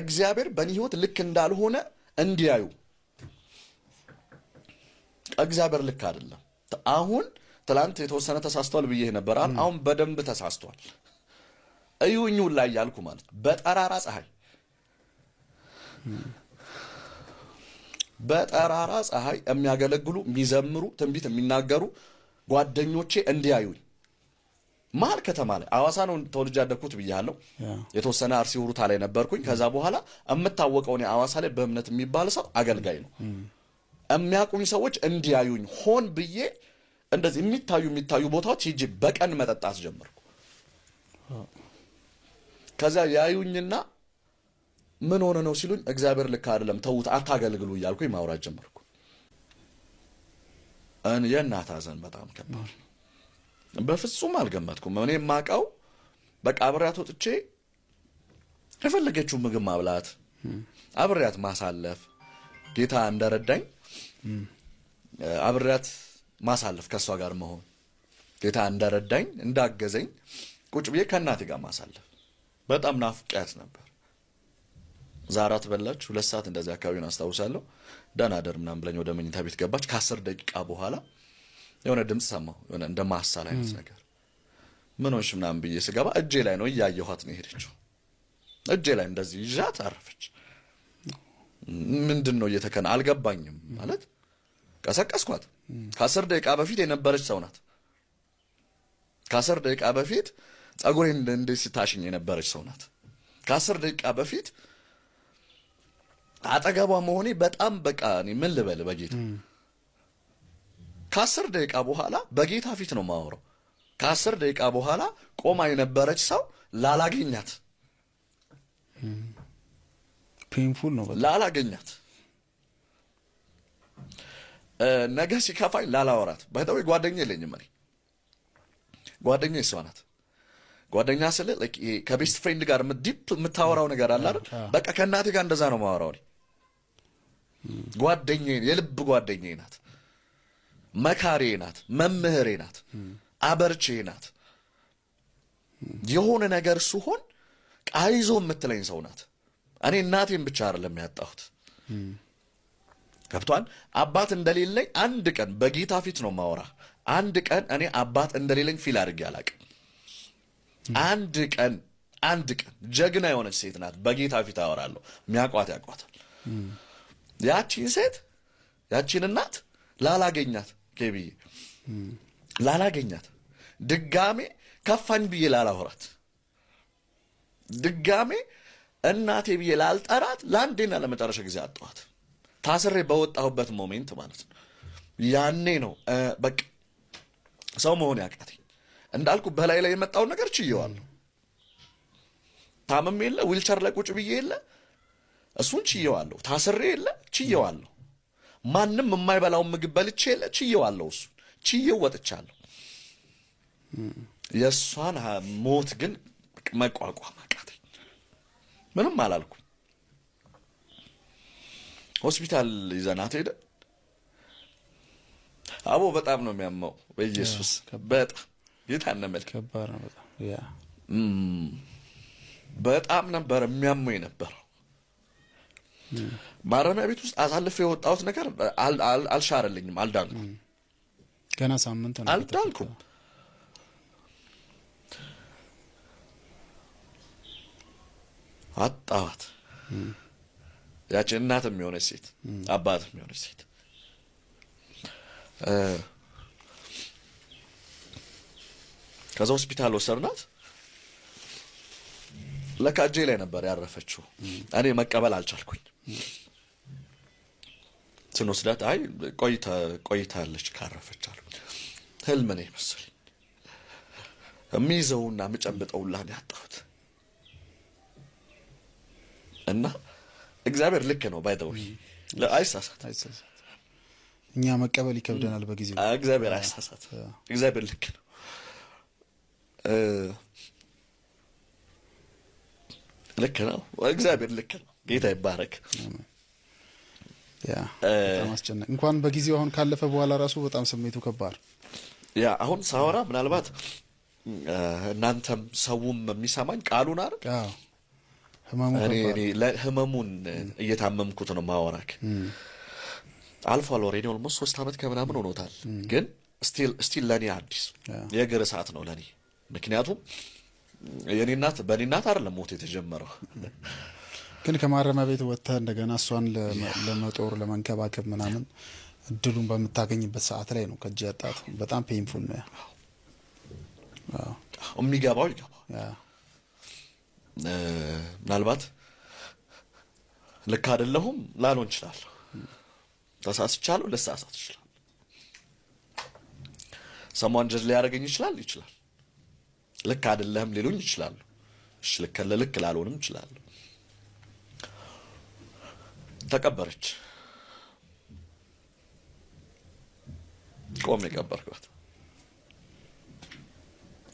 እግዚአብሔር በእኔ ህይወት ልክ እንዳልሆነ እንዲያዩ እግዚአብሔር ልክ አይደለም። አሁን ትላንት የተወሰነ ተሳስተዋል ብዬ ነበር። አሁን በደንብ ተሳስቷል። እዩኙ ላይ ያልኩ ማለት በጠራራ ፀሐይ በጠራራ ፀሐይ የሚያገለግሉ የሚዘምሩ ትንቢት የሚናገሩ ጓደኞቼ እንዲያዩኝ መሀል ከተማ ላይ አዋሳ ነው ተወልጄ ያደግኩት ብያለሁ። የተወሰነ አርሲ ሁሩታ ላይ ነበርኩኝ። ከዛ በኋላ የምታወቀው እኔ አዋሳ ላይ በእምነት የሚባል ሰው አገልጋይ ነው። የሚያውቁኝ ሰዎች እንዲያዩኝ ሆን ብዬ እንደዚህ የሚታዩ የሚታዩ ቦታዎች ሂጅ በቀን መጠጣት ጀመርኩ። ከዚያ ያዩኝና ምን ሆነ ነው ሲሉኝ፣ እግዚአብሔር ልክ አይደለም ተዉት፣ አታገልግሉ እያልኩኝ ማውራት ጀመርኩ። የእናት ሐዘን በጣም ከባድ በፍጹም አልገመትኩም። እኔ የማውቀው በቃ አብሬያት ወጥቼ የፈለገችው ምግብ ማብላት፣ አብሬያት ማሳለፍ፣ ጌታ እንደረዳኝ አብሬያት ማሳለፍ፣ ከእሷ ጋር መሆን፣ ጌታ እንደረዳኝ እንዳገዘኝ ቁጭ ብዬ ከእናቴ ጋር ማሳለፍ በጣም ናፍቄያት ነበር። ዛራት በላች ሁለት ሰዓት እንደዚህ አካባቢውን አስታውሳለሁ። ደህና ደር ምናምን ብለኝ ወደ መኝታ ቤት ገባች። ከአስር ደቂቃ በኋላ የሆነ ድምፅ ሰማሁ፣ የሆነ እንደ ማሳል አይነት ነገር ምን ሆንሽ ምናምን ብዬ ስገባ እጄ ላይ ነው እያየኋት ነው የሄደችው። እጄ ላይ እንደዚህ ይዣት አረፈች። ምንድን ነው እየተከና አልገባኝም። ማለት ቀሰቀስኳት። ከአስር ደቂቃ በፊት የነበረች ሰው ናት። ከአስር ደቂቃ በፊት ጸጉሬን እንዴት ስታሽኝ የነበረች ሰው ናት። ከአስር ደቂቃ በፊት አጠገቧ መሆኔ በጣም በቃ ምን ልበል በጌታ ከአስር ደቂቃ በኋላ በጌታ ፊት ነው የማወራው። ከአስር ደቂቃ በኋላ ቆማ የነበረች ሰው ላላገኛት ፔንፉል ነው ላላገኛት ነገ ሲከፋኝ ላላወራት በተወይ ጓደኛ የለኝም እኔ ጓደኛ እሷ ናት። ጓደኛ ስል ከቤስት ፍሬንድ ጋር ዲፕ የምታወራው ነገር አለ አይደል? በቃ ከእናቴ ጋር እንደዛ ነው ማወራው። ጓደኛ የልብ ጓደኛ ናት። መካሬ ናት፣ መምህሬ ናት፣ አበርቼ ናት። የሆነ ነገር ስሆን አይዞ የምትለኝ ሰው ናት። እኔ እናቴን ብቻ አይደለም ያጣሁት፣ ገብቷል። አባት እንደሌለኝ አንድ ቀን በጌታ ፊት ነው ማወራ። አንድ ቀን እኔ አባት እንደሌለኝ ፊል አድርጌ አላቅም። አንድ ቀን አንድ ቀን ጀግና የሆነች ሴት ናት። በጌታ ፊት አወራለሁ። ሚያቋት ያቋታል። ያቺን ሴት ያቺን እናት ላላገኛት ብዬ ላላገኛት ድጋሜ ከፋኝ ብዬ ላላወራት ድጋሜ እናቴ ብዬ ላልጠራት ለአንዴና ለመጨረሻ ጊዜ አጠዋት ታስሬ በወጣሁበት ሞሜንት ማለት ነው። ያኔ ነው በቃ ሰው መሆን ያቃተኝ። እንዳልኩ በላይ ላይ የመጣውን ነገር ችየዋለሁ። ታምም የለ ዊልቸር ላይ ቁጭ ብዬ የለ እሱን ችየዋለሁ። ታስሬ የለ ችየዋለሁ። ማንም የማይበላውን ምግብ በልቼ ችዬዋለሁ። እሱ ችዬው ወጥቻለሁ። የእሷን ሞት ግን መቋቋም አቃተኝ። ምንም አላልኩ ሆስፒታል ይዘናት ሄደ። አቦ በጣም ነው የሚያመው። በኢየሱስ በጣም ጌታን ነመል በጣም ነበረ የሚያመው የነበረው ማረሚያ ቤት ውስጥ አሳልፎ የወጣሁት ነገር አልሻረልኝም። አልዳንኩም። ገና ሳምንት አልዳንኩም። አጣዋት። ያችን እናት የሚሆነች ሴት፣ አባት የሚሆነች ሴት ከዛ ሆስፒታል ወሰድናት። ለካ እጄ ላይ ነበር ያረፈችው። እኔ መቀበል አልቻልኩኝ። ስንወስዳት አይ ቆይታለች ካረፈች አሉ። ህልም ነው መሰለኝ የሚይዘውና የምጨብጠው ላን ያጣሁት። እና እግዚአብሔር ልክ ነው ባይ ባይተው አይሳሳት። እኛ መቀበል ይከብደናል በጊዜው። እግዚአብሔር አይሳሳት። እግዚአብሔር ልክ ነው። ልክ ነው። እግዚአብሔር ልክ ነው። ጌታ ይባረክ። ያ እንኳን በጊዜው አሁን ካለፈ በኋላ ራሱ በጣም ስሜቱ ከባድ ያ አሁን ሳወራ ምናልባት እናንተም ሰውም የሚሰማኝ ቃሉን አር ህመሙን እየታመምኩት ነው ማወራክ አልፏል። ኦልሬዲ ኦልሞስት ሶስት ዓመት ከምናምን ሆኖታል። ግን ስቲል ለእኔ አዲስ የእግር ሰዓት ነው ለእኔ ምክንያቱም የኔ እናት በእኔ እናት አይደለም ሞት የተጀመረው። ግን ከማረሚያ ቤት ወጥተህ እንደገና እሷን ለመጦር ለመንከባከብ ምናምን እድሉን በምታገኝበት ሰዓት ላይ ነው ከእጅ ያጣት። በጣም ፔንፉል ነው የሚገባው ይገባው። ምናልባት ልክ አይደለሁም ላልሆን እችላለሁ። ተሳስቻለሁ ልሳሳት ይችላል። ሰማን ጀድ ሊያደርገኝ ይችላል ይችላል ልክ አይደለህም ሊሉኝ ይችላሉ። እሺ ልክ ልክ ላልሆንም ይችላሉ። ተቀበረች። ቆም ቀበርኳት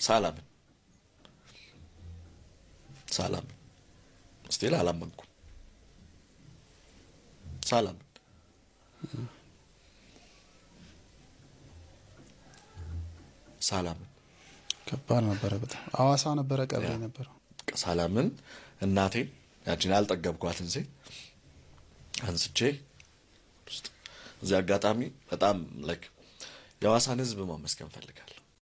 ሳላምን ሳላምን እስቴል አላመንኩም። ሳላምን ሳላምን ከባድ ነበረ በጣም አዋሳ ነበረ ቀብሬ ነበረው። ሰላምን እናቴን ያችን ያልጠገብኳትን ሴ አንስቼ እዚህ አጋጣሚ በጣም ላይክ የአዋሳን ህዝብ ማመስገን ፈልጋለሁ።